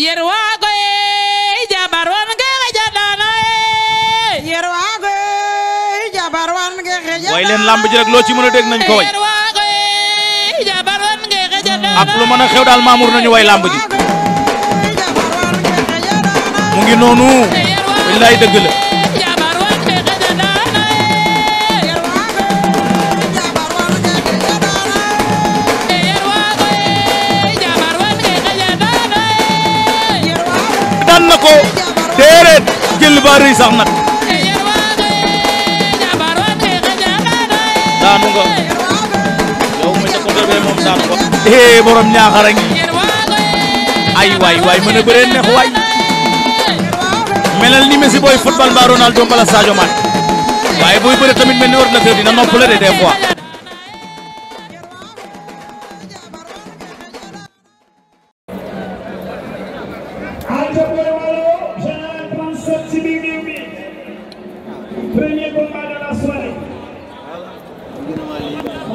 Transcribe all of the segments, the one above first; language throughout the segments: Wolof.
yerwago e jabar wonge xejaɗano e yerwago e jabar wonge xejaɗano way leen lamb ji rek loo ci mën a dégg nañ ko way yerwago e jabar ak lu mën a xew daal maamur nañu way lamb ji mu ngi noonu wallaay dëgg jël ba rëy sax nag daanu nga yow ma ca ko doon moom daanu ko eh borom ñaaxara ngi ay waay waay mën a bëree neex waay melal ni Messi booy football mbaa Ronaldo mbala Sadio Mané waaye booy bëre tamit mel ni ordinateur dina noppale de des fois. premier combat de la soirée.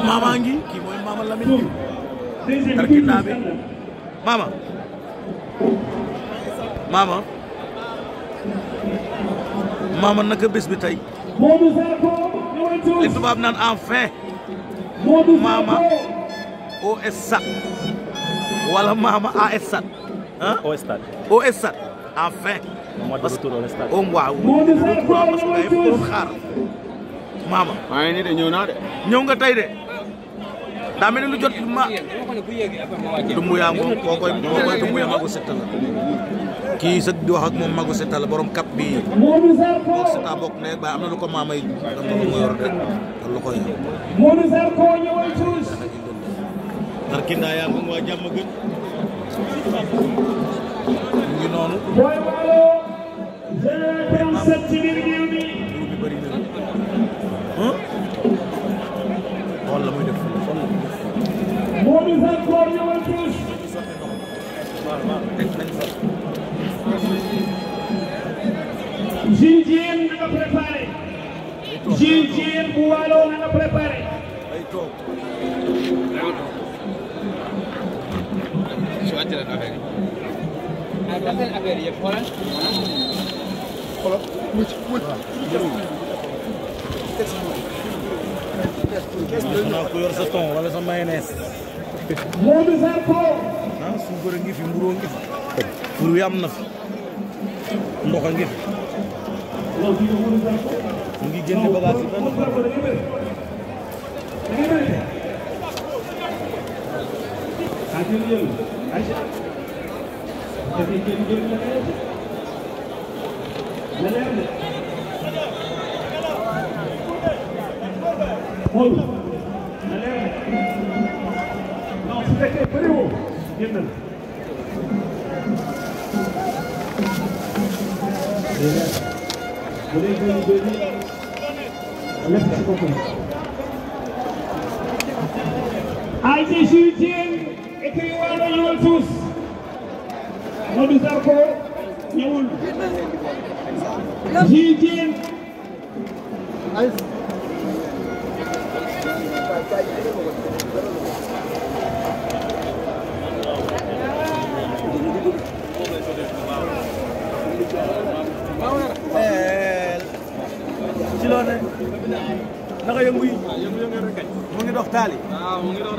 maama ngi kii mooy maama Lamine Diouf. deuxième kii bi maama. maama. maama naka bés bi tey. li tubaab naan enfin. maama OSA. wala maama ASA. ah OSA OSA enfin. parce que moom waaw waaw parce que gars yi xaar maama. maa nga tey de. daa mel ni lu jot ma. Dumbuya moom koo koy koo koy Dumbuya Magu Siteu la. kii sax di moom Magu Siteu la borom kap bi moom Siteu bokk ne ba am na lu ko maama na lu mu yor rek lu kii naa yaa ngi waa jàmm gën. ngi noonu. Dama set ci biir géew bi. Xool la muy def. Moo di sax koor ñëwal plus. Jinjeen na nga préparé. Jinjeen bu waaloo na nga préparé. Ay xoolal wëcc wala sa mayonnaise. Modou ah, ngi fi mbuuroo ngi fi. mburu yi am na fi. ndox a ngi fi. mu ngi génne bagage yi benn par benn. xool na leer non su fekkee bëriwoo génnal bu dee gën bëri lépp ci bopp ay ci suy jéem écrit waa la ñu woon suus Modou Sarko ñëwul jigéen ci loolu rek naka yëngu yi mu ngi dox taali waaw ah, mu ngi dox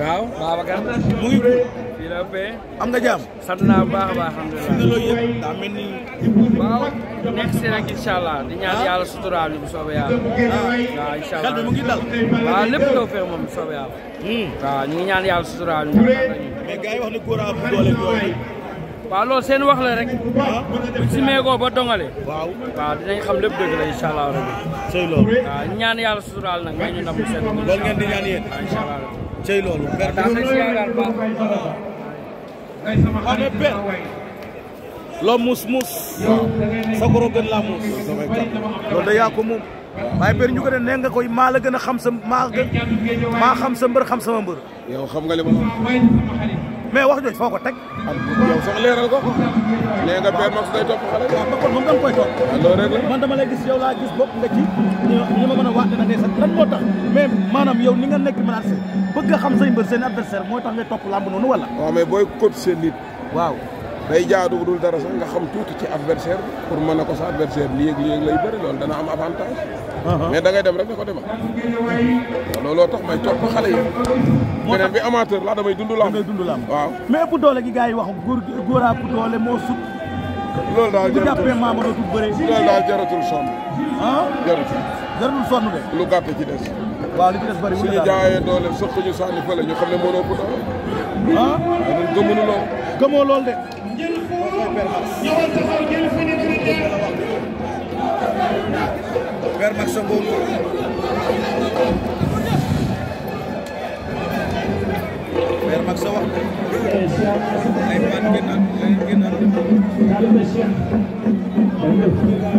waaw Babacar mu ngi gudd. fii la am nga jàmm. sant naa baax baax alhamdulilah. fi nga looy yëpp ni. nekk si rek allah di ñaan ah. yàlla suturaal ñu bu soobee yàlla. Ah. waaw incha mu ngi dal. waaw lépp loo fexe moom bu soobee yàlla. Hmm. ñu ngi ñaan yàlla suturaal ñu. mais gars wax ne seen wax la rek. waaw ah. bu si meekoo ba dongale. waaw waaw dinañ xam lépp dëgg la incha allah. sëy loolu. waaw ñaan yàlla suturaal na may ñu ndam seen. loolu ngeen di ñaan yéen. waaw incha allah. cey loolu perte loo muus muus sa goro gën laa muus loolu da yaa ko waaye per ñu gën a ne nga maa la gën a xam sa maa gën maa xam sa mbër xam sama mbër yow xam nga li mais wax jooju foo ko teg. yow sax leeral ko. nee nga Père Max day topp xale. waaw kon moom da koy topp. Ah, loolu rek la man dama lay gis yow laa gis bopp nga ci ñu ma mën a waat ne ne sax lan moo tax mais maanaam yow ni nga nekk menacé bëgg nga xam say mbër seen adversaire moo tax ngay topp làmb noonu wala. waaw mais booy cote seen nit. waaw. day jaadu dul dara sax nga tuuti ci adversaire bi pour mën a ko sa adversaire lii ak lii ak dana am avantage. Uh-huh. mais da ngay dem rek ne ko demal. looloo tax may topp xale yi. moo tax beneen bi amateur laa damay dund lamb damay dund lamb waaw. mais ëpp doole gi gars yi wax góor góor a ëpp doole moo sut. loolu daal jaratul bu jàppee maama dootul bëree. loolu daal jaratul sonn. ah jaratul. jaratul sonn de. lu gàtt ci des. waaw li ci des doole sëq ñu sànni fële ñu xam ne mënoo ëpp doole. Ah? loolu. gëmoo de. ñëwal taxaw jël fénétrité Père Max sa boobu Père Max sa wax ay fan gënal ay gënal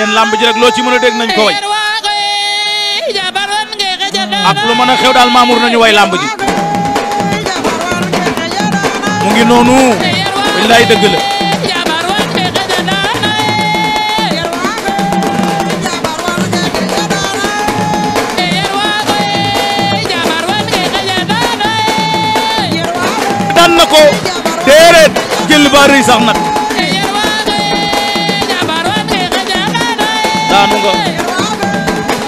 leen lamb ji rek loo ci mën a dégg ko way ak lu mën a xew daal Mamour nañu way lamb mu ngi noonu billaay dëgg la daan na ko déedéet jël ba rëy sax daanu nga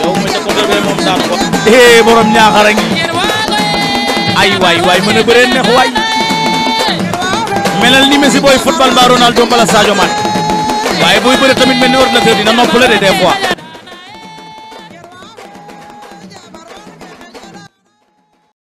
yow ma ca côté bee ba daanu ko. eh borom ñaaxara ngi ay waay waay mën a bëree neex waay melal ni Messi booy football ba Ronaldo mbala Sadio Mané waaye booy bëri tamit mel ni ordinateur dina noppale de des fois.